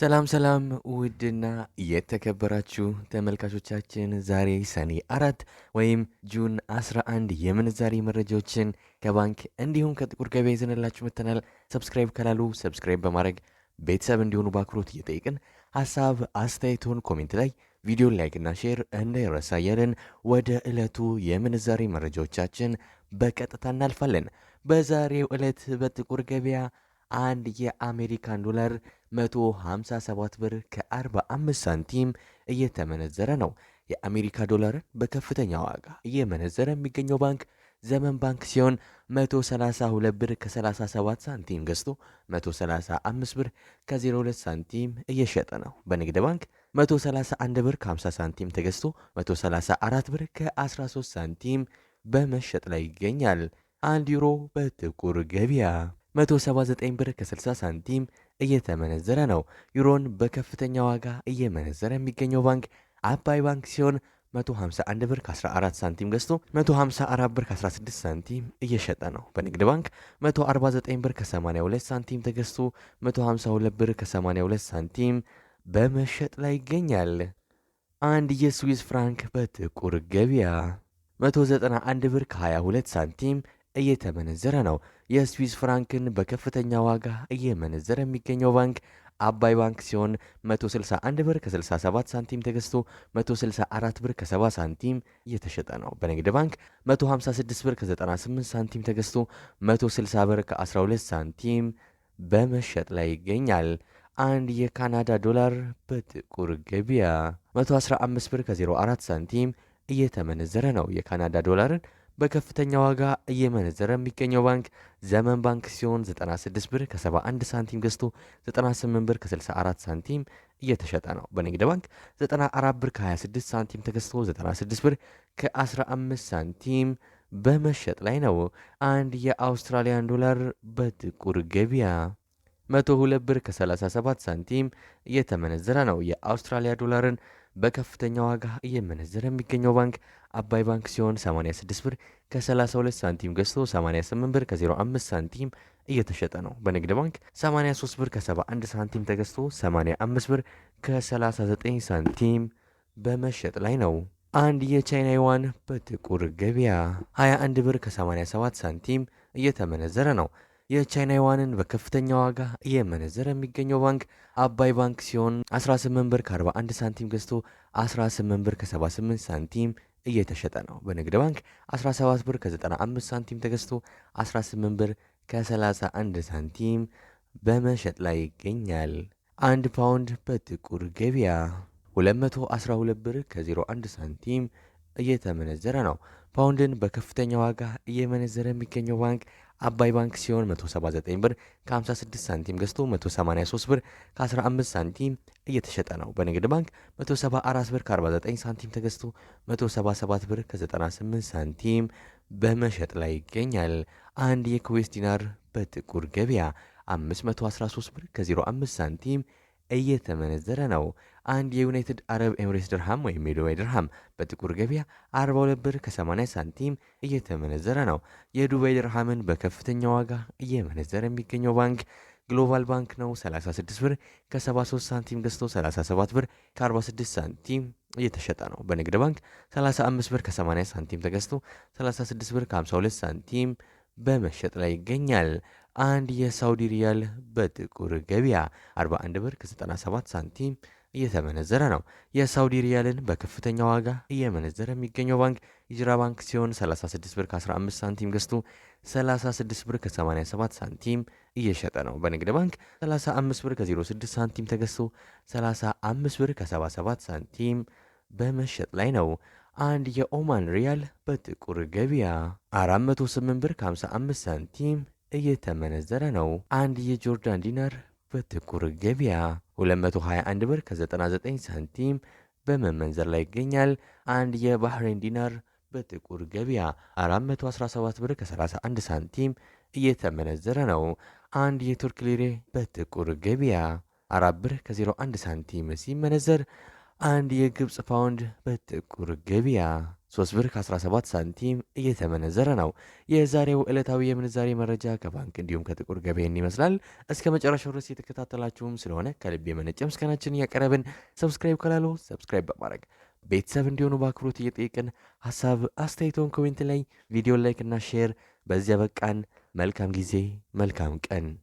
ሰላም ሰላም ውድና የተከበራችሁ ተመልካቾቻችን ዛሬ ሰኔ አራት ወይም ጁን 11 የምንዛሬ መረጃዎችን ከባንክ እንዲሁም ከጥቁር ገበያ ይዘንላችሁ መጥተናል። ሰብስክራይብ ካላሉ ሰብስክራይብ በማድረግ ቤተሰብ እንዲሆኑ በአክብሮት እየጠየቅን ሀሳብ አስተያየቶን ኮሜንት ላይ ቪዲዮ ላይክና ሼር እንዳይረሳ እያልን ወደ ዕለቱ የምንዛሬ መረጃዎቻችን በቀጥታ እናልፋለን። በዛሬው ዕለት በጥቁር ገበያ አንድ የአሜሪካን ዶላር 157 ብር ከ45 ሳንቲም እየተመነዘረ ነው። የአሜሪካ ዶላርን በከፍተኛ ዋጋ እየመነዘረ የሚገኘው ባንክ ዘመን ባንክ ሲሆን 132 ብር ከ37 ሳንቲም ገዝቶ 135 ብር ከ02 ሳንቲም እየሸጠ ነው። በንግድ ባንክ 131 ብር ከ50 ሳንቲም ተገዝቶ 134 ብር ከ13 ሳንቲም በመሸጥ ላይ ይገኛል። አንድ ዩሮ በጥቁር ገበያ 179 ብር ከ60 ሳንቲም እየተመነዘረ ነው። ዩሮን በከፍተኛ ዋጋ እየመነዘረ የሚገኘው ባንክ አባይ ባንክ ሲሆን 151 ብር 14 ሳንቲም ገዝቶ 154 ብር 16 ሳንቲም እየሸጠ ነው። በንግድ ባንክ 149 ብር 82 ሳንቲም ተገዝቶ 152 ብር ከ82 ሳንቲም በመሸጥ ላይ ይገኛል። አንድ የስዊስ ፍራንክ በጥቁር ገበያ 191 ብር ከ22 ሳንቲም እየተመነዘረ ነው። የስዊስ ፍራንክን በከፍተኛ ዋጋ እየመነዘረ የሚገኘው ባንክ አባይ ባንክ ሲሆን 161 ብር ከ67 ሳንቲም ተገዝቶ 164 ብር ከ70 ሳንቲም እየተሸጠ ነው። በንግድ ባንክ 156 ብር ከ98 ሳንቲም ተገዝቶ 160 ብር ከ12 ሳንቲም በመሸጥ ላይ ይገኛል። አንድ የካናዳ ዶላር በጥቁር ገበያ 115 ብር ከ04 ሳንቲም እየተመነዘረ ነው። የካናዳ ዶላርን በከፍተኛ ዋጋ እየመነዘረ የሚገኘው ባንክ ዘመን ባንክ ሲሆን 96 ብር ከ71 ሳንቲም ገዝቶ 98 ብር ከ64 ሳንቲም እየተሸጠ ነው። በንግድ ባንክ 94 ብር ከ26 ሳንቲም ተገዝቶ 96 ብር ከ15 ሳንቲም በመሸጥ ላይ ነው። አንድ የአውስትራሊያን ዶላር በጥቁር ገበያ 102 ብር ከ37 ሳንቲም እየተመነዘረ ነው። የአውስትራሊያ ዶላርን በከፍተኛ ዋጋ እየመነዘረ የሚገኘው ባንክ አባይ ባንክ ሲሆን 86 ብር ከ32 ሳንቲም ገዝቶ 88 ብር ከ05 ሳንቲም እየተሸጠ ነው። በንግድ ባንክ 83 ብር ከ71 ሳንቲም ተገዝቶ 85 ብር ከ39 ሳንቲም በመሸጥ ላይ ነው። አንድ የቻይና ዩዋን በጥቁር ገበያ 21 ብር ከ87 ሳንቲም እየተመነዘረ ነው። የቻይና ዩዋንን በከፍተኛ ዋጋ እየመነዘረ የሚገኘው ባንክ አባይ ባንክ ሲሆን 18 ብር ከ41 ሳንቲም ገዝቶ 18 ብር ከ78 ሳንቲም እየተሸጠ ነው። በንግድ ባንክ 17 ብር ከ95 ሳንቲም ተገዝቶ 18 ብር ከ31 ሳንቲም በመሸጥ ላይ ይገኛል። አንድ ፓውንድ በጥቁር ገበያ 212 ብር ከ01 ሳንቲም እየተመነዘረ ነው። ፓውንድን በከፍተኛ ዋጋ እየመነዘረ የሚገኘው ባንክ አባይ ባንክ ሲሆን 179 ብር ከ56 ሳንቲም ገዝቶ 183 ብር ከ15 ሳንቲም እየተሸጠ ነው። በንግድ ባንክ 174 ብር ከ49 ሳንቲም ተገዝቶ 177 ብር ከ98 ሳንቲም በመሸጥ ላይ ይገኛል። አንድ የኩዌስ ዲናር በጥቁር ገበያ 513 ብር ከ05 ሳንቲም እየተመነዘረ ነው። አንድ የዩናይትድ አረብ ኤምሬትስ ድርሃም ወይም የዱባይ ድርሃም በጥቁር ገበያ 42 ብር ከ80 ሳንቲም እየተመነዘረ ነው። የዱባይ ድርሃምን በከፍተኛ ዋጋ እየመነዘረ የሚገኘው ባንክ ግሎባል ባንክ ነው። 36 ብር ከ73 ሳንቲም ገዝቶ 37 ብር ከ46 ሳንቲም እየተሸጠ ነው። በንግድ ባንክ 35 ብር ከ80 ሳንቲም ተገዝቶ 36 ብር ከ52 ሳንቲም በመሸጥ ላይ ይገኛል። አንድ የሳውዲ ሪያል በጥቁር ገበያ 41 ብር ከ97 ሳንቲም እየተመነዘረ ነው። የሳውዲ ሪያልን በከፍተኛ ዋጋ እየመነዘረ የሚገኘው ባንክ ሂጅራ ባንክ ሲሆን 36 ብር ከ15 ሳንቲም ገዝቶ 36 ብር ከ87 ሳንቲም እየሸጠ ነው። በንግድ ባንክ 35 ብር ከ06 ሳንቲም ተገዝቶ 35 ብር ከ77 ሳንቲም በመሸጥ ላይ ነው። አንድ የኦማን ሪያል በጥቁር ገበያ 408 ብር ከ55 ሳንቲም እየተመነዘረ ነው። አንድ የጆርዳን ዲናር በጥቁር ገበያ 221 ብር ከ99 ሳንቲም በመመንዘር ላይ ይገኛል። አንድ የባህሬን ዲናር በጥቁር ገበያ 417 ብር ከ31 ሳንቲም እየተመነዘረ ነው። አንድ የቱርክ ሊሬ በጥቁር ገበያ 4 ብር ከ01 ሳንቲም ሲመነዘር አንድ የግብፅ ፓውንድ በጥቁር ገበያ 3 ብር ከ17 ሳንቲም እየተመነዘረ ነው። የዛሬው ዕለታዊ የምንዛሬ መረጃ ከባንክ እንዲሁም ከጥቁር ገበያን ይመስላል። እስከ መጨረሻው ድረስ የተከታተላችሁም ስለሆነ ከልብ የመነጨ ምስጋናችን እያቀረብን ሰብስክራይብ ካላሉ ሰብስክራይብ በማድረግ ቤተሰብ እንዲሆኑ በአክብሮት እየጠየቅን ሀሳብ አስተያየቶን ኮሜንት ላይ ቪዲዮ ላይክ እና ሼር። በዚያ በቃን። መልካም ጊዜ፣ መልካም ቀን።